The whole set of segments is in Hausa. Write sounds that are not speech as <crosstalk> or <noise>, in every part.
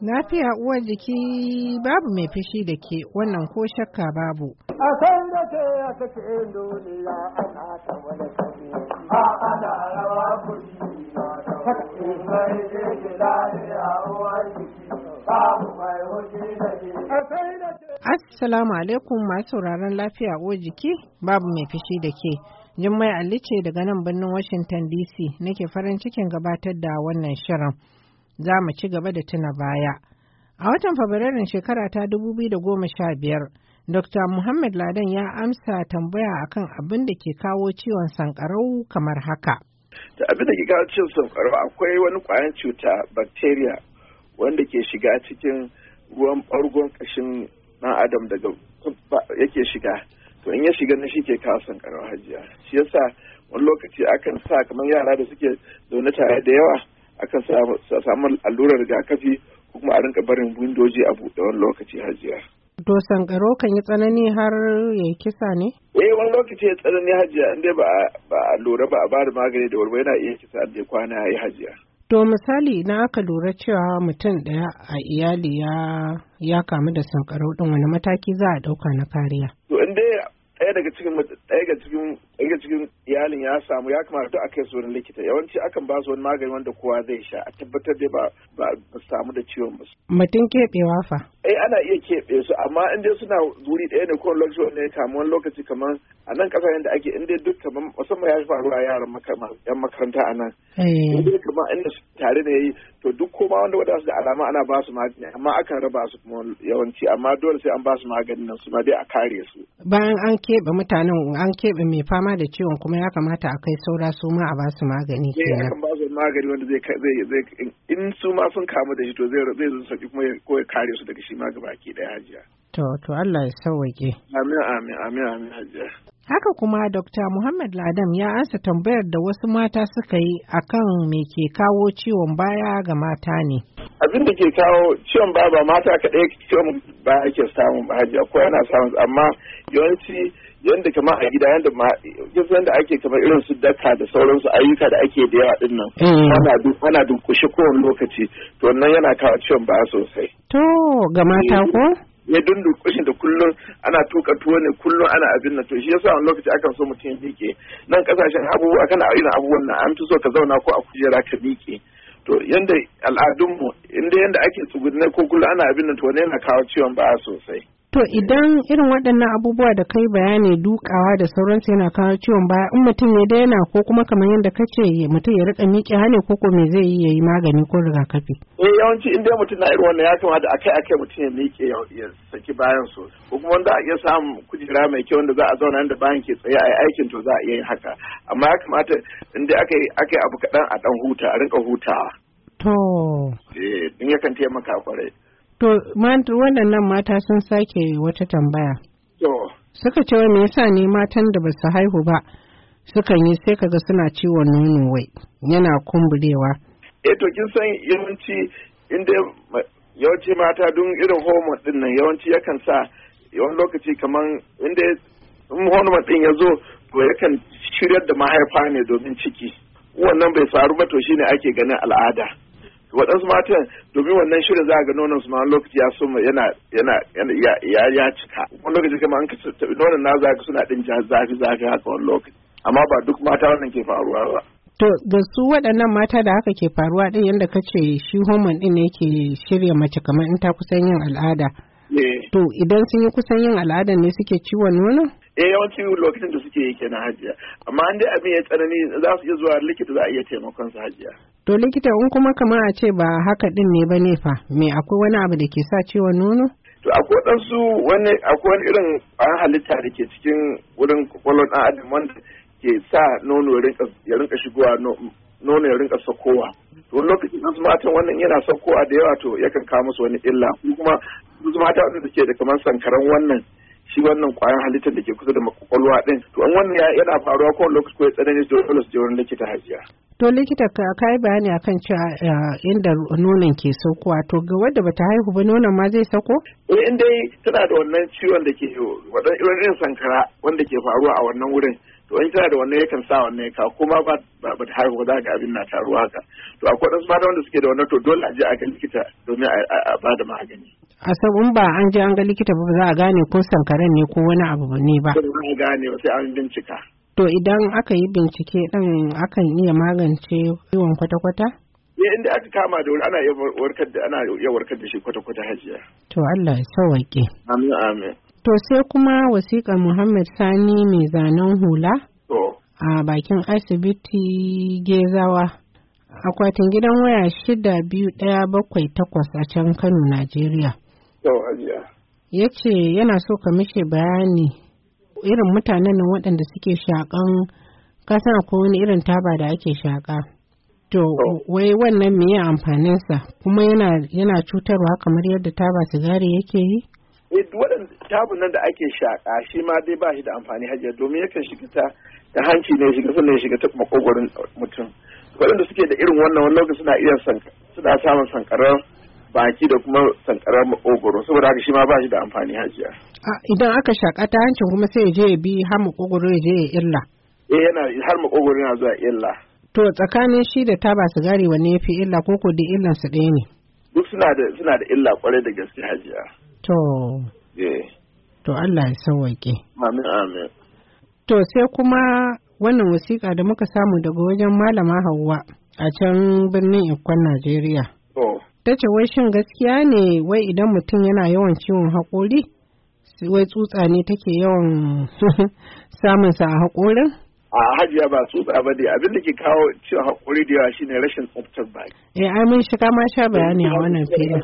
Lafiya uwar jiki babu mai fishi da ke wannan ko shakka babu. A san da ke ya take duniya ana ta wani kare, a ana rawa kuɗi na da ke. mai jiki lafiya uwar jiki babu mai hoji da ke. Assalamu alaikum masu sauraron lafiya uwar jiki babu mai fishi da ke. Jummai Ali ce daga nan birnin Washington DC nake farin cikin gabatar da wannan shirin. Za mu ci gaba da tuna baya. A watan Fabrairun shekara ta 2015, Dr. Muhammad Ladan ya amsa tambaya akan abin da ke kawo ciwon sankarau kamar haka. Da abin da ke kawo ciwon sankarau akwai wani kwayan cuta bacteria wanda ke shiga cikin ruwan ɓargon ƙashin ɗan adam daga yake shiga to in ya shiga na shi ke kawo sankarar hajiya shi yasa wani lokaci akan sa kamar yara da suke zaune tare da yawa akan samu allurar rigakafi ko kuma a rinka barin windoji a buɗe wani lokaci hajiya. To sankaro kan yi tsanani har ya kisa ne? Eh wani lokaci ya tsanani hajiya inda ba a lura ba a bada magani da warwa yana iya kisa da kwana ya yi hajiya. To misali na aka lura cewa mutum ɗaya a iyali ya kamu da sankarau ɗin wani mataki za a ɗauka na kariya? To inda cikin ɗaya ga cikin ɗaya cikin iyalin ya samu ya kamata duk a kai su likita yawanci akan ba su wani magani wanda kowa zai sha a tabbatar da ba ba samu da ciwon ba. Mutum keɓewa fa. Eh ana iya amma in dai suna wuri ɗaya ne ko lokaci ne kamar wani lokaci kamar a nan ƙasashen da ake in dai duk kamar musamman ya faru a yaran yan makaranta a nan eh. in dai kamar da tare ne yayi to duk koma wanda wanda su da alama ana ba su magani amma akan raba su kuma yawanci amma dole sai an ba su magani nan su ma dai a kare su bayan an keɓe mutanen an keɓe mai fama da ciwon kuma ya kamata a kai saura su ma a ba su magani eh, kenan ba su magani wanda zai zai in su ma sun kamu da shi to zai zai sauki kuma ko ya kare su daga shi ma gaba ki daya hajiya To, to Allah ya sauwaƙe. Amin, amin, amin, amin, hajiya. Haka kuma Dr. Muhammad Ladam ya ansa tambayar da wasu mata suka yi akan me ke kawo ciwon baya ga mata ne. Abin da ke kawo ciwon baya ba mata kaɗai ciwon baya ake samun ba hajji ko yana samun amma yawanci yadda kama a gida yadda ma yadda ake kamar irin su daka da sauransu ayyuka da ake da yawa din nan eh. ana ana dunkushe kowane lokaci to nan yana kawo ciwon baya sosai to ga mata ko ya dundukushin da kullum ana tuka tuwo ne kullum ana abin na to shi yasa wani lokaci akan so mutum ya miƙe nan kasashen abubuwa kana irin abubuwan nan an fi so ka zauna ko a kujera ka miƙe to yanda al'adunmu inda yanda ake tsugunne ko kullum ana abin na to ne yana kawo ciwon baya sosai To idan irin waɗannan abubuwa da kai bayani dukawa da sauransu yana kawo ciwon baya in mutum ya daina ko kuma kamar yadda ka ce mutum ya riƙa miƙe hane ko ko me zai yi ya yi magani ko rigakafi. Eh yawanci in dai mutum na irin wannan ya kamata akai akai mutum ya miƙe ya saki bayan su ko kuma wanda ya samu kujera mai kyau wanda za a zauna inda bayan ke tsaye a yi aikin to za a iya yin haka amma ya kamata in dai aka yi abu kaɗan a ɗan huta a rinka hutawa. To. Eh in yakan taimaka kwarai. To, waɗannan mata sun sake wata tambaya. Suka ce me yasa ne matan da ba su haihu ba suka yi sai kaga suna ciwon nono wai yana kumburewa. E, to kin san yawanci inda yawanci mata don irin hormone din nan yawanci yakan sa yawan lokaci kaman inda hormone din ya zo to yakan shiryar da mahaifa ne domin ciki. Wannan bai faru ba to shine ake ganin al'ada. waɗansu matan domin wannan shirin za a ga nonon su ma lokaci ya soma yana yana ya ya cika wani lokaci kamar an ka nonon na za ka suna ɗin zafi zafi haka wani lokaci amma ba duk mata wannan ke faruwa ba. To da su waɗannan mata da haka ke faruwa ɗin yadda ka ce shi homon ɗin ke shirya mace kamar in ta kusan yin al'ada. Eh. To idan sun yi kusan yin al'ada ne suke ciwon nono? eh yawanci lokacin da suke yake na hajiya amma an dai abin ya tsanani za su iya zuwa likita za a iya taimakon su hajiya to likita in kuma kamar a ce ba haka din ne ba ne fa me akwai wani abu da ke sa ciwon nono to akwai su wani akwai wani irin an halitta da ke cikin wurin kwakwalwar dan adam wanda ke sa nono ya rinka shigowa nono ya rinka sakowa to lokacin da matan wannan yana sakowa da yawa to yakan kawo musu wani illa kuma su mata wanda suke da kamar sankaran wannan shi wannan kwayan halittar da ke kusa da makwakwalwa din to an wannan yana faruwa kowane lokaci ko ya tsanani dole su je wurin likita hajiya To likita ka yi bayani akan cewa inda nonon ke saukowa to ga wadda bata haihu ba nonon ma zai sauko? Eh in dai tana da wannan ciwon da ke wadan irin sankara wanda ke faruwa a wannan wurin to in tana da wannan yakan sa wannan ka kuma ba ba ta haihu za ga abin na taruwa ka. to akwai wasu mata wanda suke da wannan to dole a je a ga likita domin a ba da magani. A in ba an je an ga likita ba za a gane ko sankaran ne ko wani abu ne ba. Ba a gane sai an bincika. To idan aka yi bincike din akan iya magance ciwon kwata-kwata? ya eh, inda aka kama da wuri ana iya warkar da shi kwata-kwata hajiya. To Allah ya sawaƙe. Amin amin. To sai kuma wasiƙa Muhammad Sani mai zanen hula. To. A bakin asibiti Gezawa. Akwatin gidan waya shida biyu ɗaya bakwai takwas a can Kano, Najeriya. Yau ajiya. Ya ce yana so ka mishi bayani irin mutanen nan waɗanda suke shaƙan kasan ko wani irin taba da ake shaƙa. To, wai wannan me amfaninsa kuma yana cutarwa kamar yadda taba sigari yake yi? Eh, tabun nan da ake shaƙa shi ma dai ba shi da amfani hajiya domin yakan shiga ta da hanci ne shiga suna shiga ta makogoron mutum waɗanda suke da irin wannan wani suna iya suna samun sankarar baki da kuma sankarar makogoro saboda haka shi ma ba shi da amfani hajiya. idan aka shaƙa ta hancin kuma sai je ya bi har makogoro ya je ya illa. eh yana har makogoro yana zuwa illa. to tsakanin shi da ba sigari wanne ya fi illa ko ko duk illan su ɗaya ne. duk suna da suna da illa kwarai da gaske hajiya. to. Eh. to Allah ya sauwaƙe. amin amin. to sai kuma wannan wasiƙa da muka samu daga wajen malama Hauwa a can birnin Ikon Najeriya. ta ce wai shin gaskiya ne wai idan mutum yana yawan ciwon haƙori wai tsutsa ne take yawan <laughs> samun sa a haƙorin? a hajiya ba tsutsa ba dai abin da ke kawo ciwon haƙori da yawa shine rashin tsaftar baki eh ai mun shiga ma sha bayani a wannan filin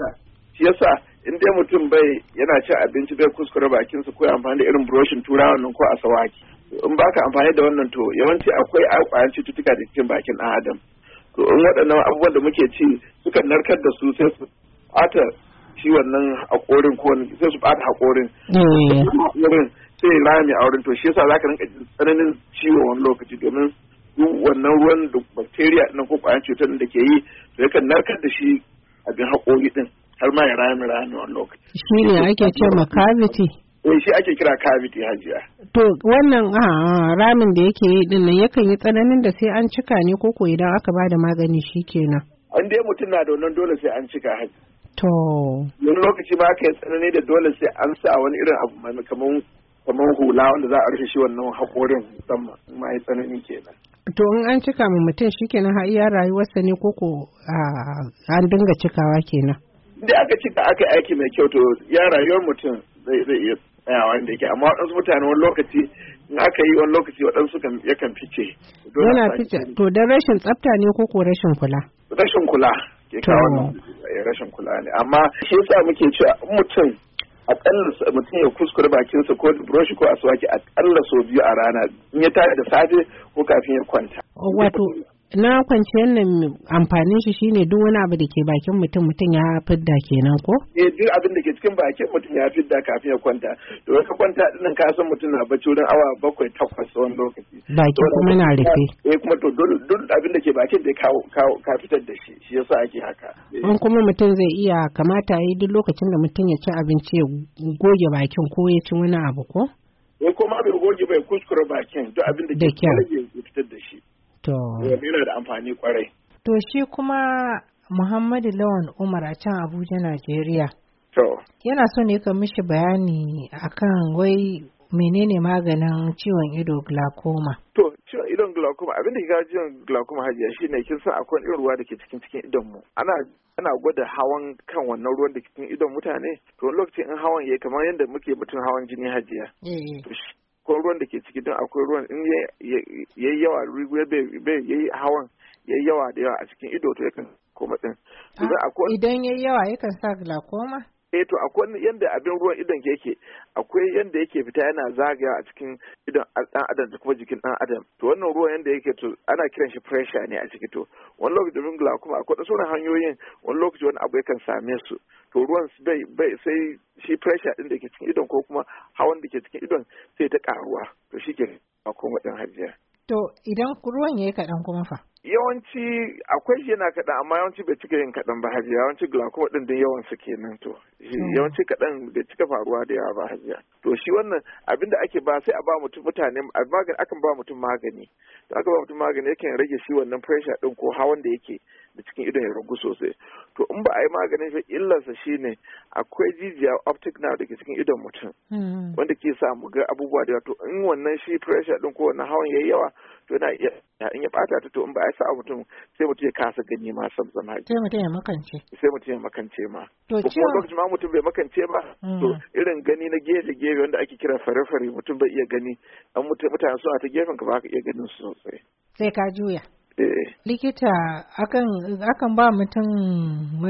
shi yasa in dai mutum bai yana cin abinci bai kuskure bakinsa ko amfani da irin buroshin turawa nan ko a sawaki in baka amfani da wannan to yawanci akwai ƙwayan cututtuka da cikin bakin ɗan adam to in waɗannan abubuwan da muke ci suka narkar da su sai su ata shi wannan haƙorin ko wani sai su ɓata haƙorin haƙorin mm. sai rami a wurin to shi yasa zaka rinka jin tsananin ciwo wani lokaci domin wannan ruwan da bacteria nan ko ƙwayan cutar da ke yi to yakan narkar da shi abin haƙori din har ma ya rami rami wani lokaci shi ne ake ce ma cavity eh shi ake kira cavity hajiya to wannan ah, ramin da yake yi din nan yakan yi tsananin da sai an cika ne ko ko idan aka ba da magani shikenan an dai mutum na da wannan dole sai an cika haji to wani lokaci ma aka yi tsanani da dole sai an sa wani irin abu mai kaman kaman hula wanda za a rufe shi wannan haƙorin musamman ma yi tsanani kenan to in an cika ma mutum shikenan har iya rayuwarsa ne ko ko ah, an dinga cikawa kenan da aka cika aka aiki mai kyau to ya rayuwar mutum zai iya tsayawa inda yake amma waɗansu mutane wani lokaci in aka yi wani lokaci waɗansu yakan fice. Yana fice to don rashin tsafta ne ko ko rashin kula? Rashin kula. Ke kawo eh, rashin kula ne amma shi yasa muke cewa mutum akalla mutum ya kuskure bakinsa ko broshi ko aswaki akalla sau biyu a rana in ya tare da safe ko kafin ya kwanta. Wato na kwanciyar nan amfanin shi shine duk wani abu da ke bakin mutum mutum ya fidda kenan ko eh duk abin da ke cikin bakin mutum ya fidda kafin ya kwanta to ka kwanta dinnan ka san mutum na bacci wurin awa bakwai takwas wani lokaci baki kuma na rufe eh kuma to duk abin da ke bakin da ka fitar da shi shi yasa ake haka eh. in kuma mutum zai iya kamata yi duk lokacin da mutum ya ci abinci ya goge bakin ko ya ci wani abu ko eh kuma abin goge bai kuskure bakin duk abin da ke rage fitar da shi To. Eh, yana da amfani kwarai. To shi kuma Muhammadu Lawan Umar a can Abuja, Najeriya. To. Yana so ne ka mishi bayani akan wai menene maganin ciwon ido glaucoma. To, ciwon idon glaucoma abinda da gaji ciwon glaucoma hajiya shi ne kin san akwai irin ruwa da ke cikin cikin idon mu. Ana ana gwada hawan kan wannan ruwan da cikin idon mutane to lokacin in hawan ya kamar yadda muke mutum hawan jini hajiya. Eh, eh. ko ruwan da ke ciki don akwai ruwan in ya yi yawa rigwe bai ya yi hawan ya yi yawa da yawa a cikin ido to yakan koma din. Ah, idan ya yi yawa yakan sa glaucoma? eh to akwai yadda abin ruwan idon ke yake akwai yanda yake fita yana zagaya a cikin idon dan adam da kuma jikin dan adam to wannan ruwan yadda yake to ana kiran shi pressure ne a ciki to wani lokaci domin glaucoma akwai da sauran hanyoyin wani lokaci wani abu yakan same su to ruwan bai bai sai shi pressure din da ke cikin idon ko kuma hawan da ke cikin idon sai ta karuwa to shi ke akwai wadan hajiya to idan ruwan yayi kadan kuma fa yawanci akwai shi yana kaɗan amma yawanci bai cika yin kaɗan ba hajiya yawanci glaucoma ɗin da yawan su kenan to hmm. yawanci kaɗan bai cika faruwa da yawa ba hajiya to shi wannan abinda da ake ba sai a ba mutum mutane magani akan ba mutum magani to aka ba mutum magani yakan rage shi wannan pressure ɗin ko hawan da yake da cikin idon ya ragu sosai to in ba a yi maganin shi illarsa shine akwai jijiya optic nerve da ke cikin idon mutum hmm. wanda ke sa mu ga abubuwa da to in wannan shi pressure din ko wannan hawan yayi yawa to yana iya in ya bata ta to in ba a yi sa mutum sai mutum ya kasa gani ma sam zama sai mutum ya makance sai mutum ya makance ma to kuma lokacin ma mutum bai makance ba to hmm. irin gani na gefe gefe wanda ake kira fare fare mutum bai iya gani an mutane suna ta gefen ka ba ka iya ganin su sosai sai ka juya Eh. Likita akan ba mutum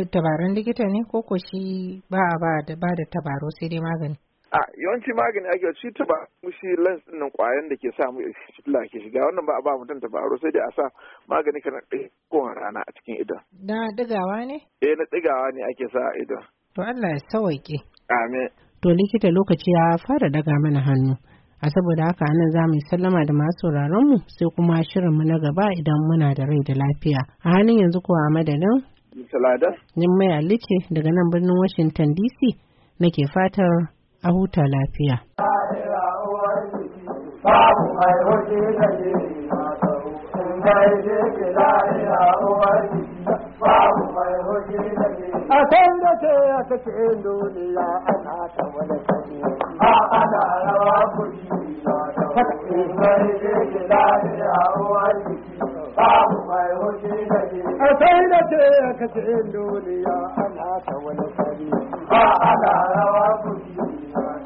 tabarin likita ne ko ko shi ba a ba da tabaro sai dai magani. a yawanci magani ake shi ta ba lens din nan kwayan da ke sa mu fitila ke shiga wannan ba a ba mutum tabaro sai dai a sa magani kana kowane rana a cikin idon. Na digawa ne? Eh na digawa ne ake sa a idon. To Allah ya sauke Amin. To likita lokaci ya fara daga mana hannu. a saboda haka nan za mu sallama da masu mu sai kuma shirin mu na gaba idan muna da rai da lafiya a halin yanzu kuwa a madadin Jummai mai alice daga nan birnin Washington DC nake fatar a huta lafiya. Babu mai hoji da a kan da ce ya kace duniya ana ta wani kaje a ana rawa kuri na da wani mai je gida a yawon jiki babu mai hoji da ke a kan da ce ya kace duniya ana ta wani kaje a ana rawa kuri na